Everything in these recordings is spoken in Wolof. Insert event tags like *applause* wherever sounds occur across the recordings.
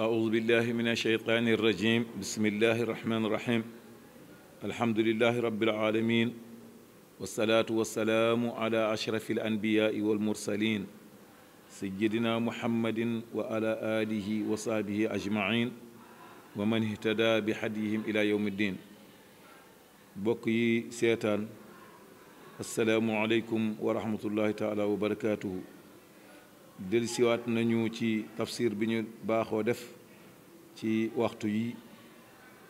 أعوذ بالله من الشيطان الرجيم بسم الله الرحمن الرحيم الحمد لله رب العالمين والصلاة والسلام على أشرف الأنبياء والمرسلين سيدنا محمد وعلى آله وصحبه أجمعين ومن اهتدى بحديهم إلى يوم الدين بقي سيتان السلام عليكم ورحمة الله تعالى وبركاته dellusiwaat nañu ci tafsir bi ñu baaxoo def ci waxtu yi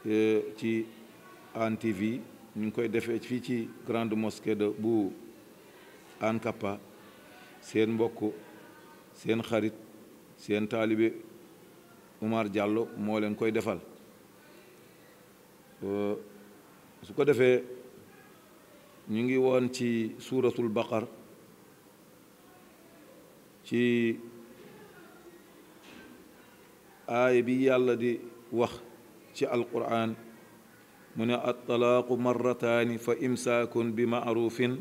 e, ci Hann TV ñu ngi koy defee fii ci grande mosquée de bu Hann Capa seen mbokk seen xarit seen taalibe Oumar Diallo moo leen koy defal e, su ko defee ñu ngi woon ci suuratul baqar ci aaya bi yàlla di wax ci alquran mu ne attalaaqu marrataani fa imsaakun bi maaruufin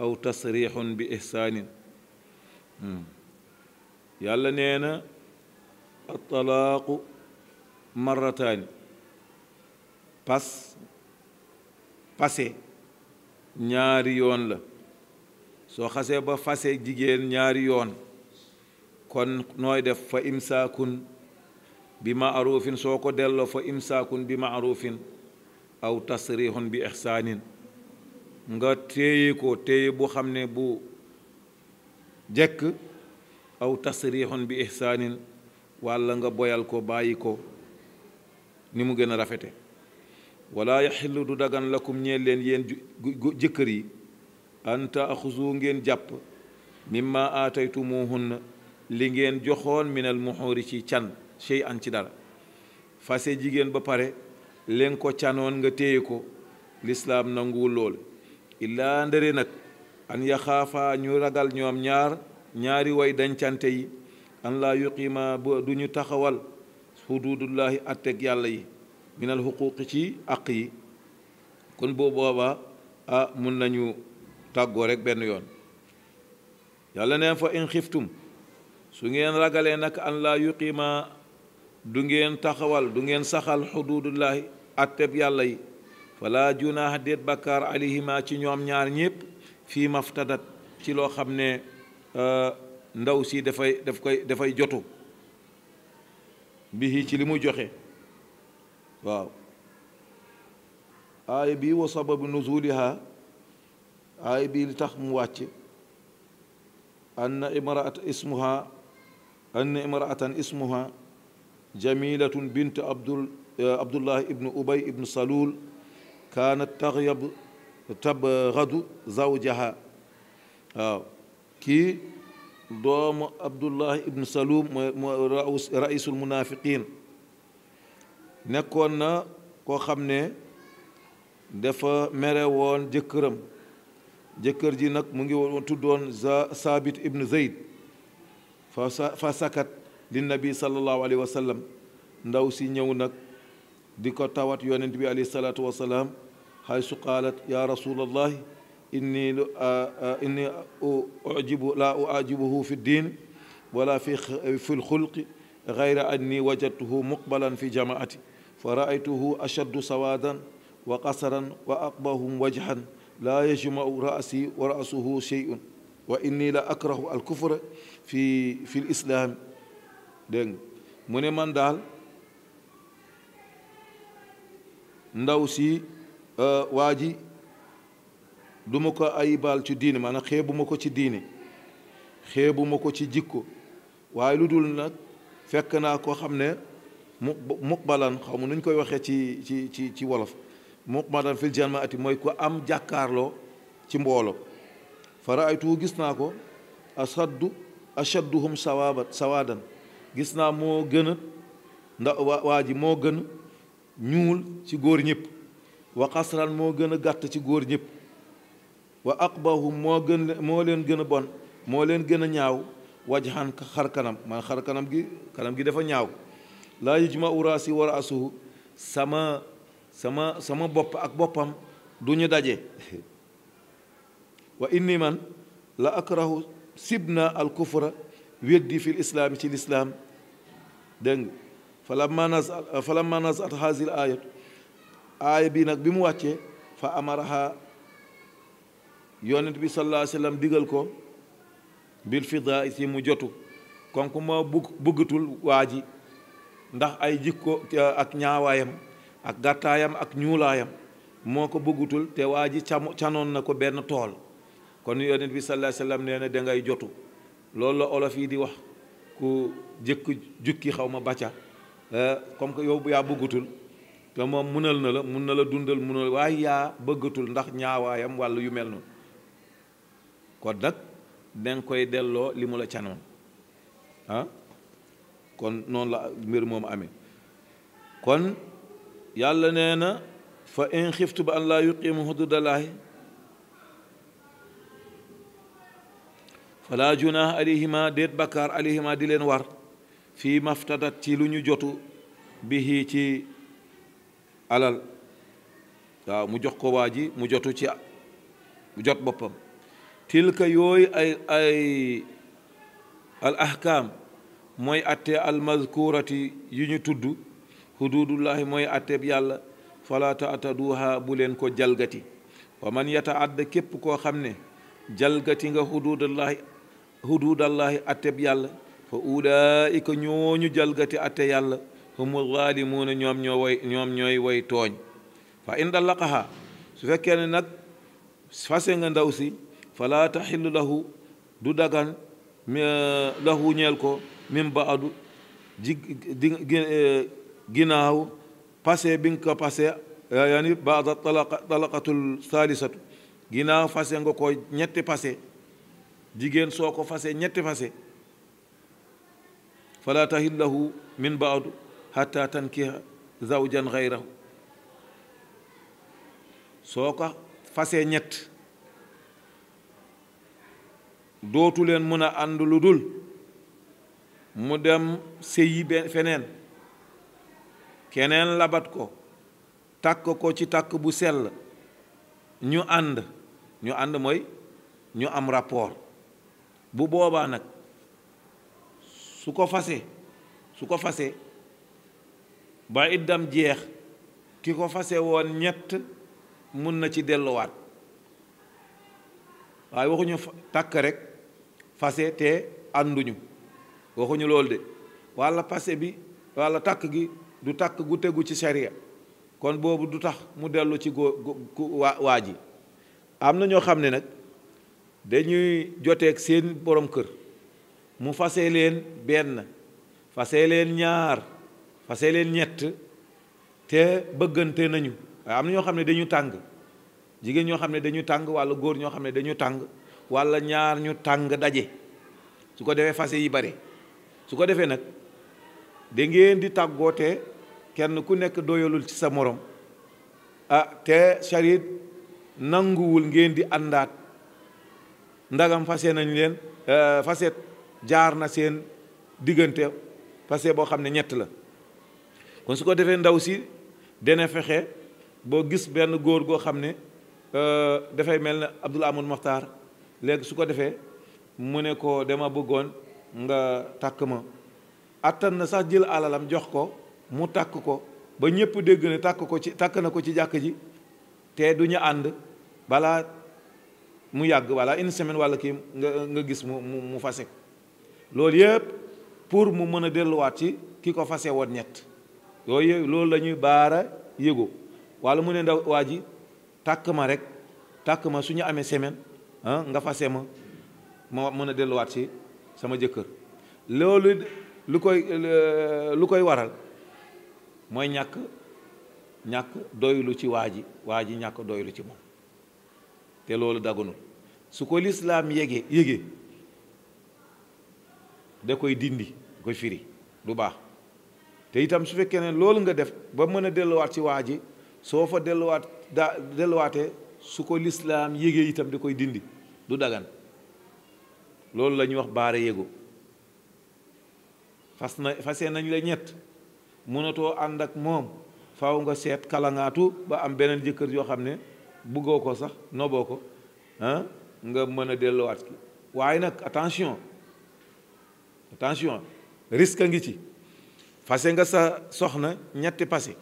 aw tasrixun bi ihsaanin hmm. yàlla nee na attalaaqu marrataani pas pase ñaari yoon la soo xasee ba fase jigéen ñaari yoon kon noy def fa imsakun bi marufin so ko dello fa imsakun bi marufin aw tasrihun bi ihsanin nga teeyi ko teeyi bu xam ne bu jekk aw tasrihun bi ihsanin wala nga boyal ko bàyyi ko ni mu gën a rafete wala yaxillu du dagan lakum ñeel leen yéen jëkkër yi an taaxusu ngeen jàpp mimma aataytumuhunna li ngeen joxoon minal muxoori ci can sey an ci dara fase jigéen ba pare leen ko canoon nga téye ko lislaam nanguwul lool illaa ndëre nag an yaxaafa ñu ragal ñoom ñaar ñaari way dencante yi an laa yuqima ba du taxawal xududullahi atteg yàlla yi minal xuquqi ci àq yi kon boobu boobaa ah mun nañu tàggoo rek benn yoon yàlla neen fa in su ngeen ragalee nag an laa yuqima du ngeen taxawal du ngeen saxal xududullahi atteb yàlla yi fala junaaha déet bakkaar alihima ci ñoom ñaar ñépp fii maftadat ci loo xam ne ndaw si dafay daf koy dafay jotu bihi ci li mu joxe waaw aaya bii wa sababu nuzuliha aaya bii li tax mu wàcc anna imraat ismuha أن امرأة اسمها جميلة بنت عبد الله ابن أبي ابن صلول كانت تغيب تبغض زوجها آه. كي دوم عبد الله ابن سلوم رئيس المنافقين نكون كو خامني دفا ميرون جكرم جكر جي نك مونغي تودون ثابت ابن زيد فسكت للنبي صلى الله عليه وسلم ندوسي نيو نك ديكو تاوات يونت بي عليه الصلاه والسلام حيث قالت يا رسول الله اني اني اعجب لا اعجبه في الدين ولا في في الخلق غير اني وجدته مقبلا في جماعتي فرايته اشد سوادا وقصرا واقبهم وجها لا يجمع راسي وراسه شيء وإني la akrahu al kufra fi fil islam dégg mu ne man daal ndaw si waa ji du ma ko ayibaal ci diine maanaam xeebu ma ko ci diine xeebu ma ko ci jikko waaye lu dul nag fekk naa koo xam ne mu muqbalan xaw ma nu ñu koy waxee ci ci ci ci wolof muqbalan fil jamaati mooy ku am jàkkaarloo ci mboolo fa raaytuhu gis naa ko ashaddu ashadduhum sawaaban sawaadan gis naa moo gën a ndax waa ji moo gën ñuul ci góor ñépp wa xasran moo gën a gàtt ci góor ñëpp wa aqbahum moo gën moo leen gën a bon moo leen gën a ñaaw wajhan xar kanam man xar kanam gi kanam gi dafa ñaaw laaj laa yujmau raasi wa raasuhu sama sama sama bopp ak boppam du ñu daje *laughs* wa indi man la akrahu sibna alkufra weddi fi islaam ci lislaam dégg nga falamma nas falamma at hasil ayat bi nag bi mu wàccee fa amaraha yonent bi sallallahu alayhi digal ko bil fidaa si mu jotu kon ku ma bugg bëggatul waa ji ndax ay jikko ak ñaawaayam ak gàttaayam ak ñuulaayam moo ko bëggatul te waa ji canoon na ko benn tool kon yonent bi sallallahu alayhi wa sallam nee ngay jotu loolu la olof yi di wax ku jëkk jukki xaw ma bàcca eh, comme que yow yaa bëggatul te moom munal na la mun na la dundal munal waaye yaa bëggatul ndax ñaawaayam wàll yu mel noonu kon nag da koy delloo li mu la canoon ah, kon noonu la mbir moom amee kon yàlla nee na fa in xiftu ba an laa yuqimu xududallahi fala junah alayhima det bakar alayhima di len war fi maftadat ci luñu jotu bihi ci alal waaw mu jox ko waaji mu jotu ci mu jot boppam tilka yooy ay ay al ahkam mooy atte al mazkurati yu ñu tudd xududullahi mooy atteeb yàlla fala taataduha bu leen ko jalgati wa man yataadda képp koo xam ne jalgati nga xududullahi hududallahi atteb yàlla fa ulaika ñooñu jalgati atte yàlla humul zaalimuuna ñoom ñoo ñoom ñooy woy tooñ fa in dallaqaha su fekkee ne nag fase nga ndaw si fala taxillu lahu du dagan lahu ñeel ko min baadu ji eh, ginnaaw passé bi nga eh, yaani baada talaqa talaqatul saalisatu ginnaaw fase nga ko ñetti passé jigéen soo ko fasee ñett fase fala tahillahu min baadu xata tankiha zawjan xayrahu soo ko fasee ñett dootu leen mën a ànd lu dul mu dem sëyi feneen keneen labat ko tàkk ko ci tàkk bu sell ñu ànd ñu ànd mooy ñu am rapport bu boobaa nag su ko fasee su ko fase ba iddam jeex ki ko fase woon ñett mun na ci delluwaat waaye waxuñu takk rek fase te ànduñu waxuñu loolu de walla fase bi walla takk gi du takk gu tegu ci sariya kon boobu du tax mu dellu ci góor waa waa ji am na ñoo xam ne nag dañuy joteek seen borom kër mu fase leen benn fase leen ñaar fase leen ñett te bëggante nañu waaye am na ñoo xam ne dañu tàng jigéen ñoo xam ne dañu tàng walla góor ñoo xam ne dañu tàng walla ñaar ñu tàng daje su ko defee fase yi bare su ko defee nag da ngeen di tàggoote kenn ku nekk doyalul ci sa morom ah te charit nanguwul ngeen di àndaat ndagam fase nañ leen euh, fase jaar na seen diggante fase boo xam ne ñett la kon su ko defee ndaw si dana fexe boo gis benn góor goo xam ne euh, dafay mel ne Abdoul Amoun Mokhtar léegi su ko defee mu ne ko dama bëggoon nga takk ma àttan na sax jël alalam jox ko mu takk ko ba ñépp dégg ne takk ko ci takk na ko ci jàkk ji te duñu ànd balaa mu yàgg voilà une semaine wala kii nga nga gis mu mu mu fase loolu yëpp pour mu mën a delluwaat ci ki ko fase woon ñett yooyu loolu la ñuy baara yëgu wala mu ne ndaw waa ji tàkk ma rek tàkk ma su ñu amee semaine ah nga fase ma ma mën a delluwaat ci sama jëkkër loolu lu koy euh, lu koy waral mooy ñàkk ñàkk doylu ci waa ji waa ji ñàkk doylu ci moom te loolu daganul su ko lislaam yége yége da koy dindi koy firi du baax te itam su fekkee ne loolu nga def ba mën a delluwaat ci waa ji soo fa delluwaat da delluwaatee su ko lislaam yége itam da koy dindi du dagan loolu la ñuy wax baare yégo fas na fasee nañ la ñett mënatoo ànd ak moom faw nga seet kalangaatu ba am beneen jëkkër yoo xam ne buggoo ko sax noboo ko ah nga mën a delluwaat ki waaye nag attention attention risque a ngi ci fase nga sa soxna ñetti passé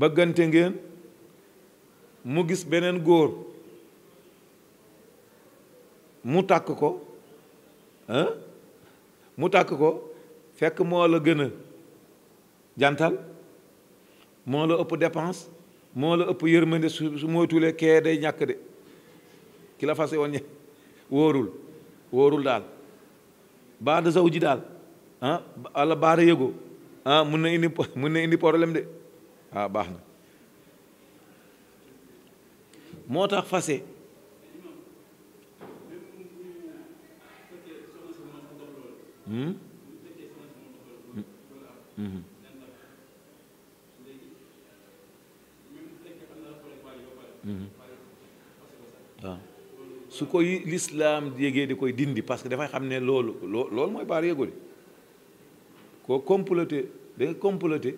bëggante ngeen mu gis beneen góor mu tàkk ko ah mu tàkk ko fekk moo la gën a jantal moo la ëpp dépense moo la ëpp yërmande su su moytuwulee kee day ñàkk de ki la fase won ñe wóorul wóorul daal baada zaw ji daal ah ala ah, mun na indi mun ah, baax na moo tax fase hmm, hmm? hmm. Mm-hmm. waaw su koy lislaam yégee di koy dindi parce que dafay xam ne loolu loo loolu mooy baar yégul koo comploté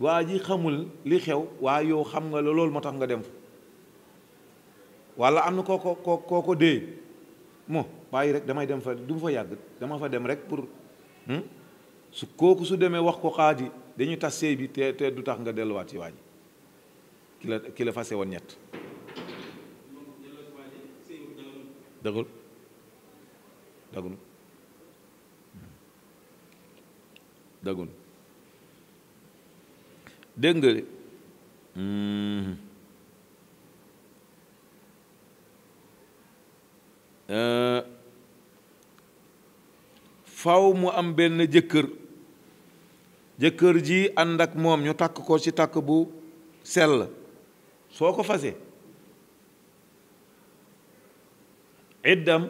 waa ji xamul li xew waa yow xam nga la loolu moo nga dem wala am na koo ko ko koo ko dee mo rek damay dem fa du ma fa yàgg dama fa dem rek pour hmm? su kooku su demee wax ko xaati dañuy tas sëy bi te te du tax nga delluwaat ci waa ki la ki ñett dagul dagul dagul dégg nga hmm. euh, faw mu am benn jëkkër jëkkër ji ànd ak moom ñu takk ko ci takk bu sell soo ko fase iddam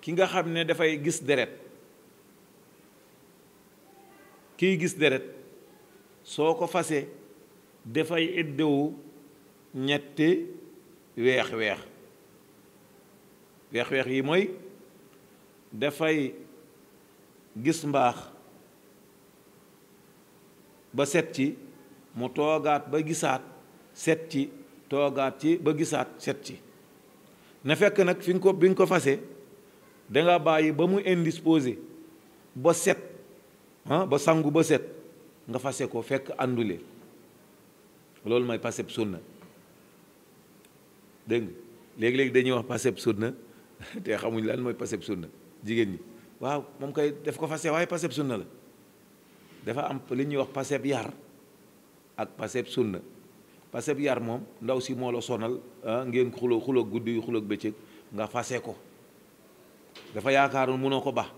ki nga xam ne dafay gis deret kiy gis deret soo ko fasee dafay iddewu ñetti weex weex weex weex yi mooy dafay gis mbaax ba set ci mu toogaat ba gisaat set ci toogaat ci ba gisaat set ci na fekk nag fi nga ko bi nga ko fase danga bàyyi ba mu indisposé ba set ah ba sangu ba set nga fase ko fekk àndule loolu mooy paseb sunna dégg nga léegi-léegi dañuy wax paseb sunna te xamuñ lan mooy paseb sunna jigéen ñi waaw moom kay def ko fase waaye paseb sunna la dafa am li ñuy wax pase paseb yar ak paseb sunna parce que yar moom ndaw si moo la sonal ah, ngeen xuloo xuloo guddi xuloo bëccëg nga fase ko dafa yaakaaroon munoo ko baax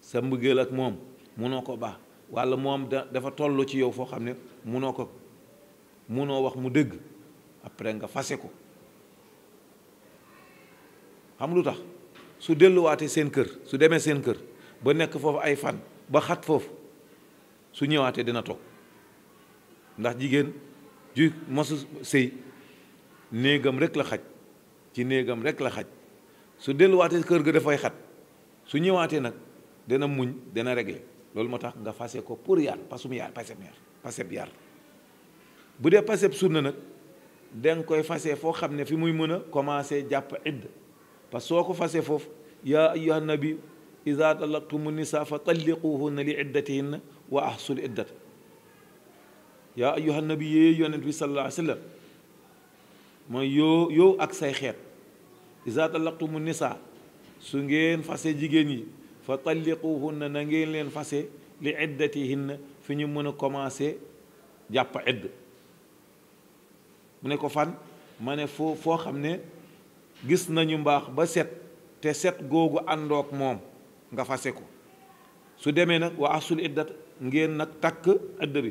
sa mbëggeel ak moom mënoo ko baax walla moom da dafa toll ci yow foo xam ne mënoo ko mënoo wax mu dëgg après nga fase ko xam lu tax su delluwaatee seen kër su demee seen kër ba nekk foofu ay fan ba xat foofu su ñëwaatee dina toog ndax jigéen ju mosu sëy néegam rek la xaj ci néegam rek la xaj su delluwaatee kër gi dafay xat su ñëwaatee nag dana muñ dana régler loolu moo tax nga fase ko pour yar pasum yar paseb yar paseb yar bu dee paseb sunna nag danga koy fase foo xam ne fi muy mën a commencé jàpp idd parce que soo ko fase foofu yaa ayyuhan nabi iza talaqtumu nisa fa talliquhunna li iddatihinna iddat yaa ayyuhan nabi yee yonent bi sallallahu alayhi wa mooy yoo yow ak say xeet iza mu nisaa su ngeen fase jigéen yi fa talliquhunna na na ngeen leen fase li iddatihinna fi ñu mën a commencé jàpp idd mu ne ko fan ma ne foo foo xam ne gis nañu mbaax ba set te set googu àndoog moom nga fase ko su demee nag waa asul iddat ngeen nag takk ëdd bi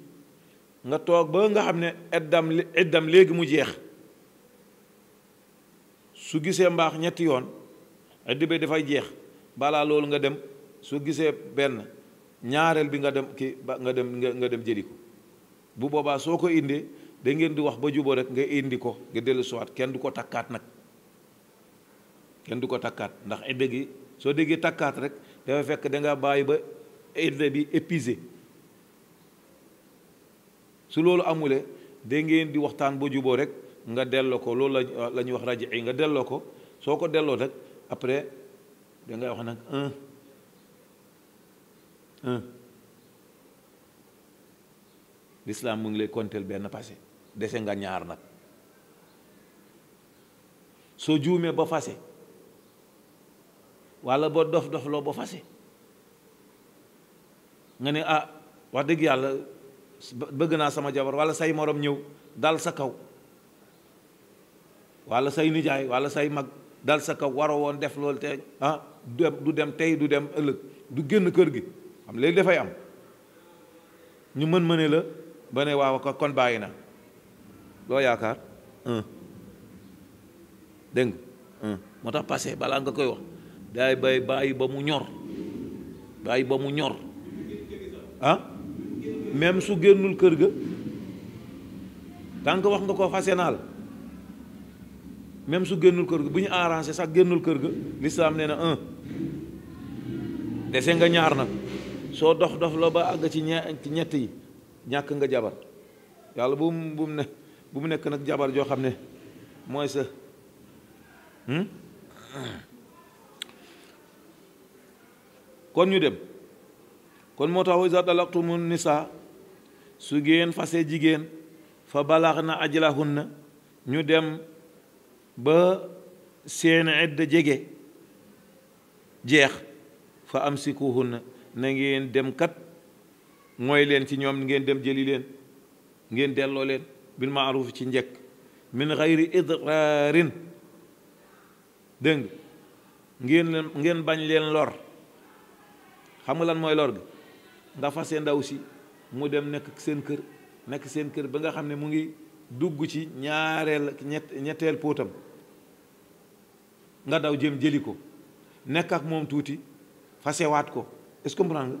nga toog ba nga xam ne eddam eddam léegi mu jeex su gisee mbaax ñetti yoon eddi bi dafay jeex balaa loolu nga dem su gisee benn ñaareel bi nga dem ki ba nga dem nga dem jëli ko bu boobaa soo ko indee da ngeen di wax ba juboo rek nga indi ko nga dellu siwaat kenn du ko takkaat nag kenn du ko takkaat ndax idde gi soo déggee takkaat rek dafa fekk danga bàyyi ba idde bi épuisé su loolu amule da ngeen di waxtaan ba juboo rek nga delloo ko loolu la ñuy wax raji nga delloo ko soo ko delloo rek après da ngay wax nag un un l'islam mu ngi lay konteel benn passé dese nga ñaar nag soo juumee ba fase wala ba dof dof loo ba fase nga ne ah wax dëgg yàlla bëgg naa sama jabar wala say moroom ñëw dal sa kaw walla say nijaay walla say mag dal sa kaw waro woon def loolu te ah, du dem tey du dem ëllëg du génn kër gi xam léegi dafay am ñu mën mëne la ba ne waaw ko kon bàyyi na loo yaakaar dégg nga moo tax passé balaa nga koy wax daay bay bàyyi ba mu ñor bàyyi ba mu ñor ah même su génnul kër ga tant que wax nga ko fasenaal même su génnul kër ga bu ñu arrangé sax génnul ga l'islam nee na un nga ñaar nag soo dox dof la ba àgg ci ñett yi ñàkk nga jabar yàlla bu bu ne bu mu nekk jabar joo xam ne mooy sa hmm? kon ñu dem kon moo tax wa iza talaqtumu nisaa su ngeen fase jigéen fa balax na ajlahunna ñu dem ba seen idda jege jeex fa am amsikuhunna na ngeen dem kat mooy leen ci ñoom ngeen dem jëli leen ngeen delloo leen bil maaruf ci njëkk min xayri idraarin dëng ngeen ngeen bañ leen lor xam nga lan mooy lor bi nga fase ndaw si mu dem nekk sen kër nekk sen kër ba nga ne mu ngi dugg ci ñaareel ñett ñetteel póotam nga daw jëm jëli ko nekk ak moom tuuti wat ko est-ce que comprendre nga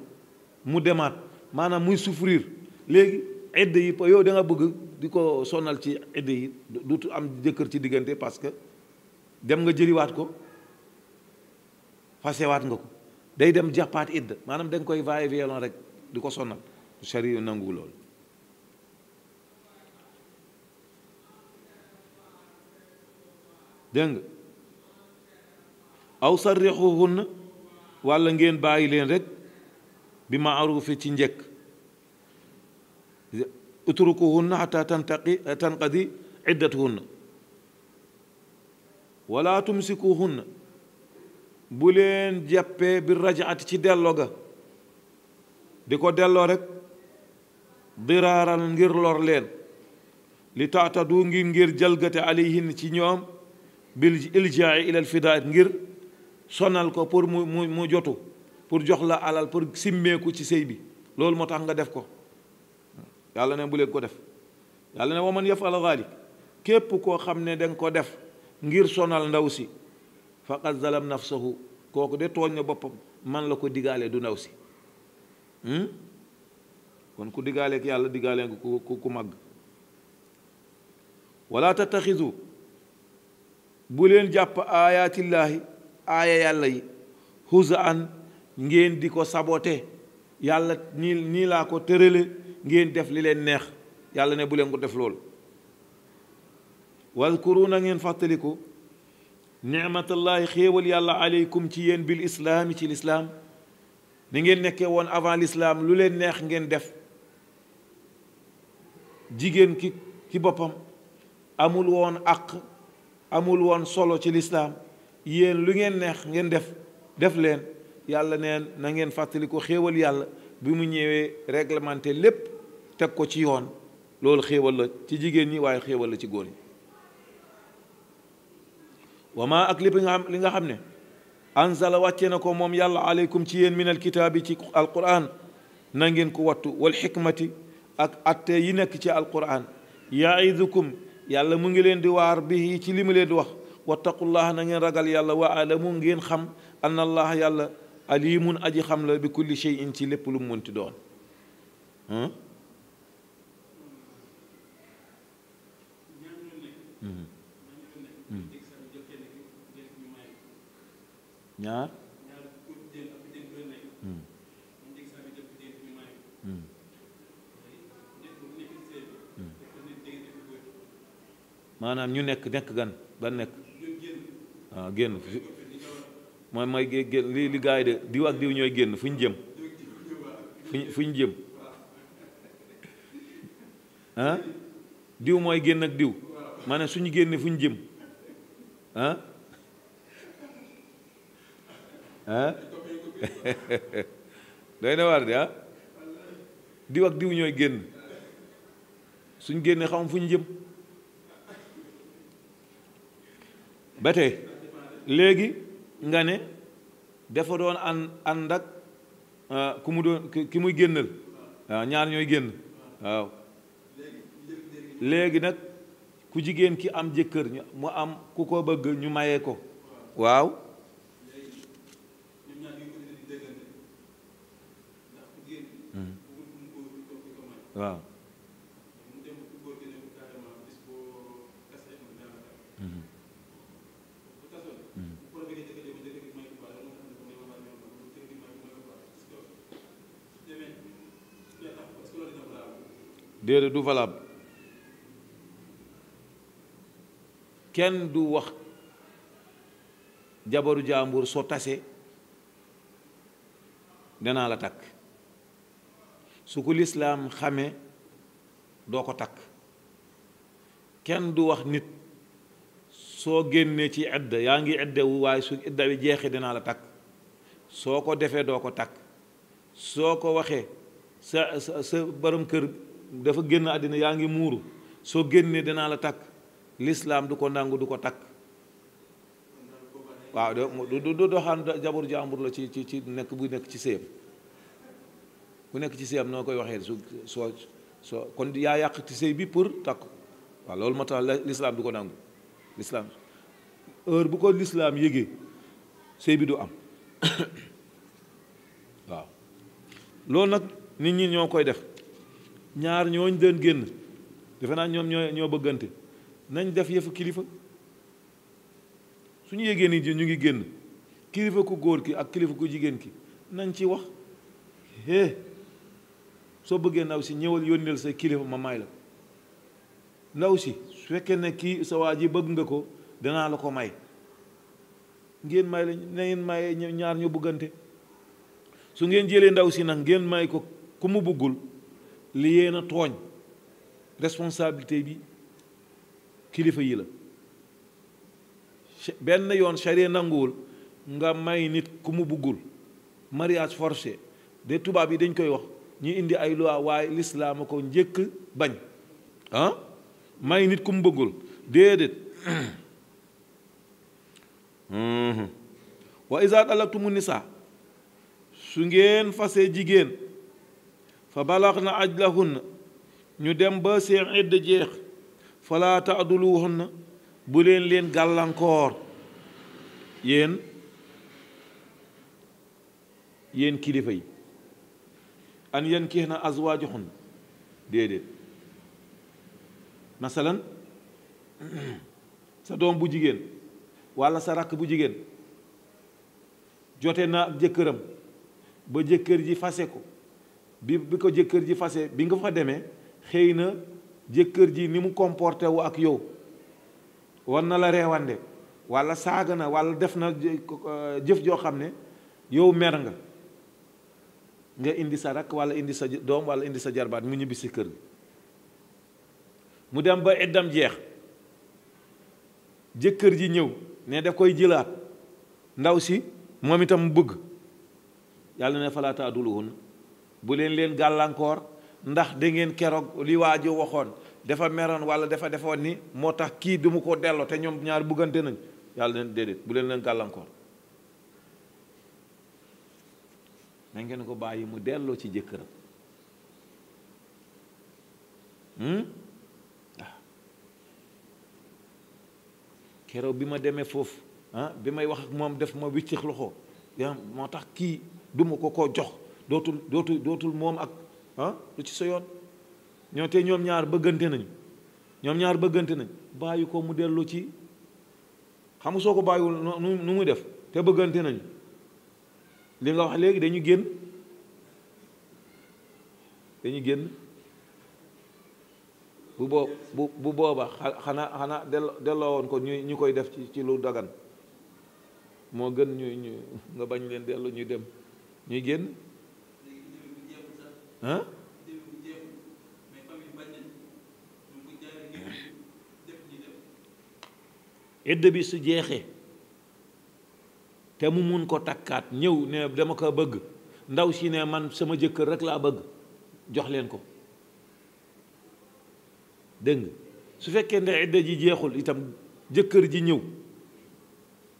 mu demaat maanaam muy souffrir léegi idd yi yow da nga bëgg sonal ci idd yi dutu am jëkkër ci diggante parce que dem nga jëliwaat ko fasewaat nga ko day dem jàppaat idd maanaam da nga koy vailler violon rek diko sonal sariyu nangu lool dégg aw sarrixuhunna walla ngeen bàyyi leen rekk bi maaruufi ci njëkk utrukuhunna xata tantaqi tanqadi iddatuhunna wala tumsikuhunna bu leen jàppee bi rajaat ci delloo ga di ko delloo rek diraaran ngir lor leen li taatadu ngir ngir jalgate alayhin ci ñoom bil iljaai ilal fidaat ngir sonal ko pour mu mu mu jotu pour jox la alal pour simmeeku ci sëy bi loolu moo tax nga def ko yàlla ne bu leen ko def yàlla ne waman yafal zalik képp koo xam ne danga ko def ngir sonal ndaw si faqad zalam nafsahu kooku de tooñ na boppam man la ko digaale du ndaw si hmm? kon ku diggaaleek yàlla diggaale nga ku ku ku màgg wala tattaxisu bu leen jàpp aayatillaahi aaya yàlla yi huzaan ngeen di ko sabote yàlla nii nii laa ko tërale ngeen def li leen neex yàlla ne bu leen ko def loolu wadkuru na ngeen fàttaliku nicmatallahi xéewal yàlla aleykum ci yéen bil islaami ci lislaam ni ngeen nekkee woon avant lislaam lu leen neex ngeen def jigéen ki ci boppam amul woon àq amul woon solo ci lislaam yéen lu ngeen neex ngeen def def leen yàlla neen na ngeen fàttali ko xéewal yàlla bi mu ñëwee reglemente lépp teg ko ci yoon loolu xéewal la ci jigéen ñi waaye xéewal la ci góor ñi wama ak lépp li nga xam ne anzala wàcce na ko moom yàlla aleykum ci yéen minal kitaabi ci alquran na ngeen ko wattu wal xikmati ak atte yi nekk ci yaa yaidukum yàlla mu ngi leen di waar bi ci li mu leen di wax wattaqullaha na ngeen ragal yàlla wa alamu ngeen xam anna allah yàlla alimun aji xam la bi kulli shay'in ci lépp lu mu munti doon hmm? Hmm. Hmm. ñaar maanaam ñu nekk nekk gan ban nekk waaw ah, génn mooy mooy génn li li gars de diw ak diw ñooy génn fu ñu jëm fu ñu jëm ah? mooy génn ak diw maanaam suñu génne fu jëm ah, ah? *laughs* na waar de ah diw ak diw ñooy génn suñ génne xam fu ñu jëm ba tey léegi nga ne dafa doon ànd ànd ak euh, ku mu doon ki muy génnal waaw ñaar ñooy génn waaw léegi nag ku jigéen ki am jëkkër mu am ku ko bëgg ñu maye ko waaw hmm. waaw déedéet du valable kenn du wax jabaru jàmbur soo tasee danaa la takk su ko lislaam xamee doo ko takk kenn du wax nit soo génnee ci idda yaa ngi iddawu waaye su idda wi jeexee danaa la takk soo ko defee doo ko takk soo ko waxee sa sa sa borom kër dafa génn àddina yaa ngi muuru soo génnee danaa la takk lislaam du ko nangu du ko takk waaw du du doxaan jaboru jàmbur la ci ci ci nekk bu nekk ci séyam ku nekk ci séyam noo koy waxee su soo soo kon yaa yàq ci séy bi pour takk waaw loolu moo tax lislaam du ko nangu lislaam heure bu ko lislaam yégee séy bi du am *coughs* waaw loolu nag nit ñi ñoo koy def ñaar ñooñ doon génn defe naa ñoom ñoo ñoo bëggante nañ def yëfu kilifa suñu yégée ni ñu ngi génn kilifa ku góor ki ak kilifa ku jigéen ki nañ ci wax hé soo bëggee ndaw si ñëwal yónneel sa kilifa ma may la ndaw si su fekkee ne kii sa waa ji bëgg nga ko danaa la ko may ngeen may la ngeen may ñaar ñu bëggante su ngeen jëlee ndaw si nag ngeen may ko ku mu bëggul liena yéen a responsabilité bi kilifa yi la ben yon charia nanguwul nga may nit ku mu buggul mariage forcé de tubaab bi dañ koy wax ñi indi ay loi way l'islam ko njëkk bañ han ah? may nit ku mu bëggul déedéet *coughs* mhm. wa nisa su ngeen fasé jigen fa balax na ajlahunna ñu dem ba seen idd jeex falaa taaduluhunna bu leen leen gàllankoor yéen yéen kilifa yi an yan kiix na azwaajahun déedéet masalan *clears throat* sa doom bu jigéen walla sa rakk bu jigéen jote na ak jëkkëram ba jëkkër ji fase ko bi bi ko jëkkër ji fase bi nga fa demee xëy na jëkkër ji ni mu comporté wu ak yow war na la reewande wala saaga na wala def na jëf joo xam ne yow mer nga nga indi sa rakk wala indi sa doom wala indi sa jarbaat mu ñibbi si kër mu dem ba eddam jeex jëkkër ji ñëw ne da koy jëlaat ndaw si moom itam mu bëgg yàlla ne falaata aduluhun bu leen leen gàllankoor ndax da ngeen keroog li waa ji waxoon dafa meroon wala dafa defoon ni moo tax kii du mu ko delloo te ñoom ñaar buggante nañ yàlla leen déedéet bu leen leen gàllankoor na ngeen ko bàyyi mu delloo ci jëkkëram waaw hmm? ah. keroog bi ma demee foofu ah, bi may wax ak moom def ma wiccix loxo moo tax kii duma ko ko jox dootul dootul dootul moom ak ah lu ci sa yoon ñoo te ñoom ñaar bëggante nañu ñoom ñaar bëggante nañ bàyyi ko mu dellu ci xam nga soo ko bàyyiwul nu muy def te bëggante nañu li nga wax léegi dañu génn dañu génn bu boo bu booba xanaa xanaa delloo woon ko ñu ñu koy def ci ci lu dagan moo gën ñu ñu nga bañ leen dellu ñu dem ñuy génn ah idda bi su jeexee te mu mun ko takkaat ñëw ne dama ko bëgg ndaw si ne man sama jëkkër rek la bëgg jox leen ko deng su fekkee ne idda ji jeexul itam jëkkër ji ñëw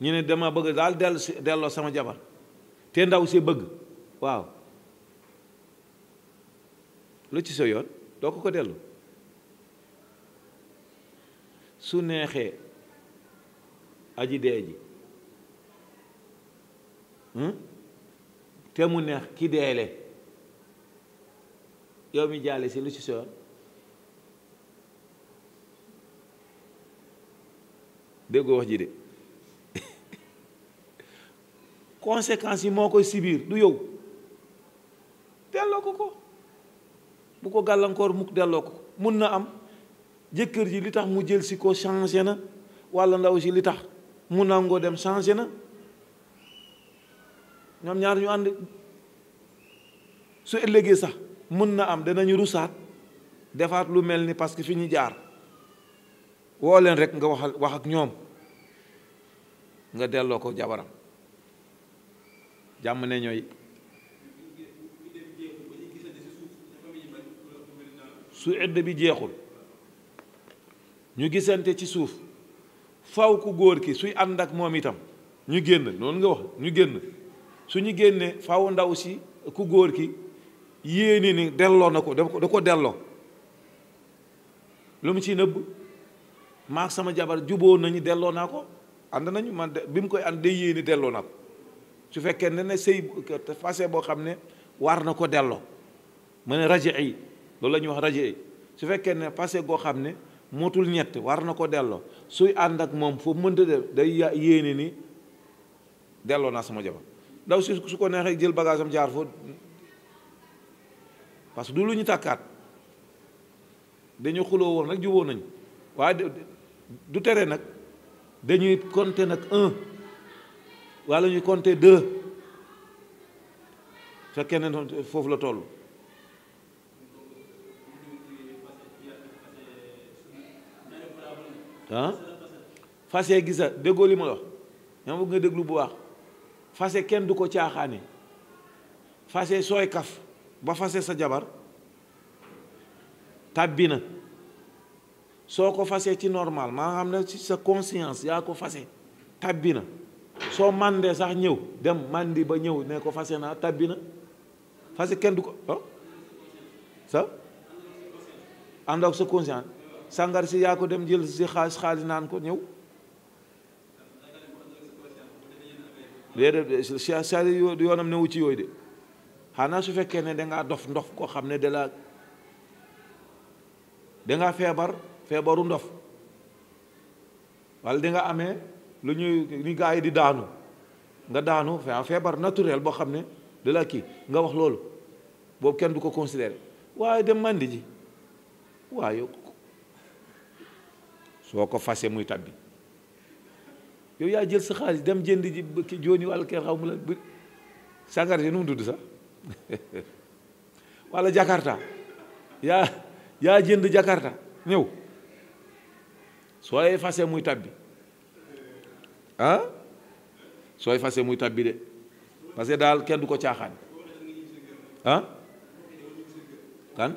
ñu ne dama bëgg dal dell delloo sama jabar te ndaw si bëgg waaw lu ci sa yoon doo ko ko dellu su neexee aji dee ji hmm? te mu neex ki deele yow mi jaale si lu ci sa yoon déggoo wax ji de *laughs* conséquences yi moo koy sibir du yow delloo ko ko bu ko gàllankoor mukk delloo ko mun na am jëkkër ji li tax mu jël si ko changé na walla ndaw si li tax mu nangoo dem changé na ñoom ñaar ñu ànd su ëllëgee sax mun na am danañu rusaat defaat lu mel ni parce que fi ñu jaar woo leen rek nga wax wax ak ñoom nga delloo ko jabaram jàmm ne ñooy su ëdd bi jeexul ñu gisante ci suuf faw ku góor ki suy ànd ak moom itam ñu génn noonu nga wax ñu génn su ñu génnee faw ndaw si ku góor ki yéene ni delloo na ko da ko delloo lu mu ci nëbb maak sama jabar juboo nañu delloo naa ko ànd nañu man bi mu koy ànd day yéene delloo na ko su fekkee ne ne sëy fase boo xam ne war na ko delloo mu ne raje yi loolu la ñuy wax raje su fekkee ne passé goo xam ne mootul ñett war na ko delloo suy ànd ak moom foofu mënta dem day yéene ni delloo naa sama jabar ndaw si su ko neexee jël bagage am jaar fa parce que du lu ñu tàkkaat dañu xuloo woon rek juboo nañ waaye du tere nag dañuy compter nag un wala ñuy compter deux fekkee ne foofu la toll Hein? ah gissa gisa li ma wax ñam bëgg nga déglu bu wax fase kenn du ko tiaxané fase soy kaf ba fase sa jabar tabina na soo ci normal ma xam na ci sa conscience ya ko fase tabina na mandé sax ñew dem mandi ba ñew né ko fase na tabina na kenn du ko ah? sa ànd ak sa conscience sàngara si yaa ko dem jël si xaalis xaalis naan ko ñëw déedéet cest à newu ci yooyu de xaanaa su fekkee ne dangaa dof ndof koo xam ne da dangaa feebar feebaru ndof wala danga ame lu ñuy ni gaa yi di daanu nga daanu feebar naturel boo xam ne da la kii nga wax loolu boobu kenn du ko considéré waaye dem màndi ji waaye soo ko fase muy tabbi yow yaa jël sa xaalis dem jënd ji ki jooni walla kenn xaw mu la bu si nu mu tudd sax *laughs* walla jakarta yaa jënd jakarta ñëw sooy fase muy tabbi ah sooy fase muy tabbi de parce que daal kenn du ko caaxaan ah kan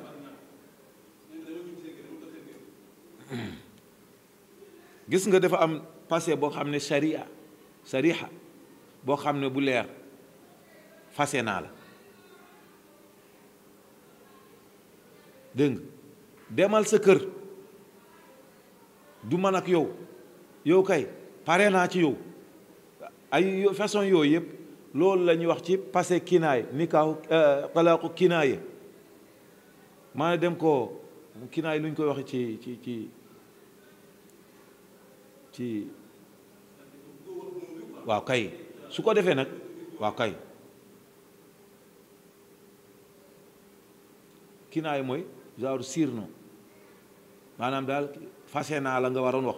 gis nga dafa am passé boo xam ne sharia sarixa boo xam ne bu leer fasse naa la dégg demal sa kër du man ak yow yow kay pare naa ci yow ay façon yooyu yëpp loolu lañuy wax ci passé kinaay nikaahu euh, talaaku kinaaye maa dem ko kinaay lu ñu koy wax ci ci ci ci waaw kay su ko defee nag waaw kay kii mooy genre sirno maanaam daal fase naa la nga waroon wax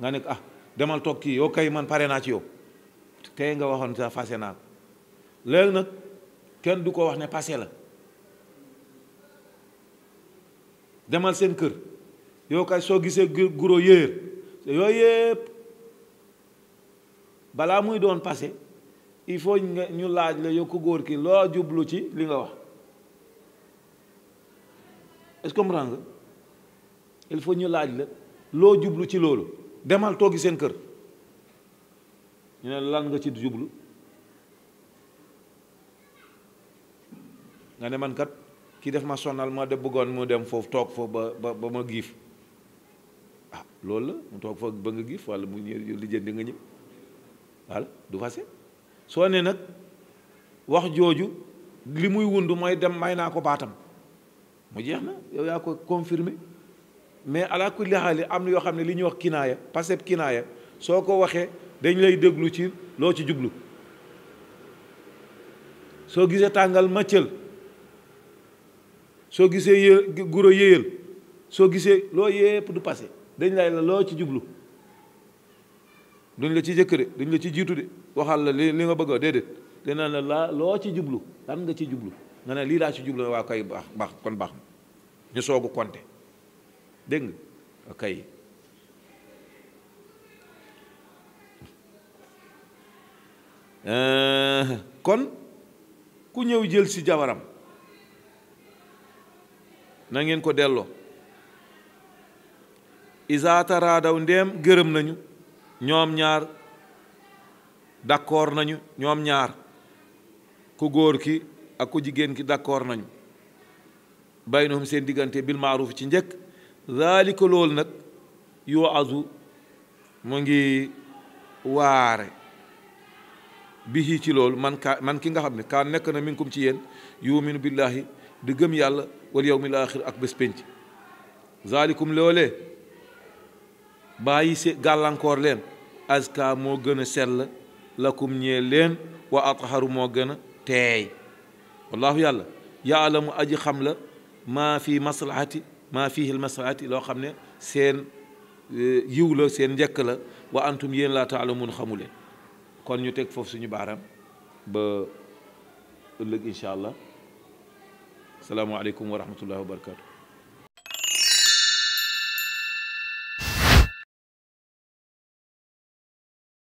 nga ne ah demal toog kii yow kay man pare naa ci yow tey nga waxoon sax fase naa léegi nag kenn du ko wax ne pase la demal seen kër yow kay soo gisee guro yéer te yooyu yëpp balaa muy doon passé il faut nga ñu laaj la yow góor ki loo jublu ci li nga wax est-ce que il faut ñu laaj la loo jublu ci loolu demal toogi seen kër ñu ne lan nga ci jublu nga ne man kat ki def ma sonal ma de bëggoon mu dem foofu toog foofu ba ba ba ma giif ah loolu la mu toog fa ba nga gif wala mu ñëw di nga ñëw voilà du fase soo ne nag wax jooju li muy wund mooy dem may naa ko baatam mu jeex na yow yaa ko confirmé mais ala kulli xaali am na yoo xam ne li ñuy wax kinaaya paseb kinaaya soo ko waxee dañ lay déglu ci loo ci jublu soo gisee tàngal màccal soo gisee yé guro yéyal soo gisee loo yépp du passé dañ lay la loo ci jublu duñ la ci jëkk de duñ la ci jiitu de waxal la li li nga bëgg a déedéet dinañ la laa loo ci jublu lan nga ci jublu nga ne lii laa ci jublu waa kay baax baax kon baax ñu soogu konte dégg nga kay euh, kon ku ñëw jël si jabaram na ngeen ko delloo isa taraadaw ndéem gërëm nañu ñoom ñaar d'accord nañu ñoom ñaar ku góor ki ak ku jigéen ki d'accord nañu baynahum seen diggante bil maaruf ci njëkk zaalika loolu nag yoo azu mu ngi waare bihi ci loolu man ka man ki nga xam ne kaa nekk na minkum ci yéen yuminu billahi di gëm yàlla wal yawmil axir ak bés pénc zaalikum loolee bayi se galankor len azka mo gën sel sell lakum ñee len wa atharu mo gën tey wallahu wallaahu yàlla yaalamu aji xam la maa fi maslahati ma fihi lmaslahati loo xam ne seen yiw la seen njëkk la wa antum yen la ta'lamun xamuleen kon ñu tek fofu suñu baram ba ëllëg inshallah allah salaamualeykum wa rahmatullahi wa barakatu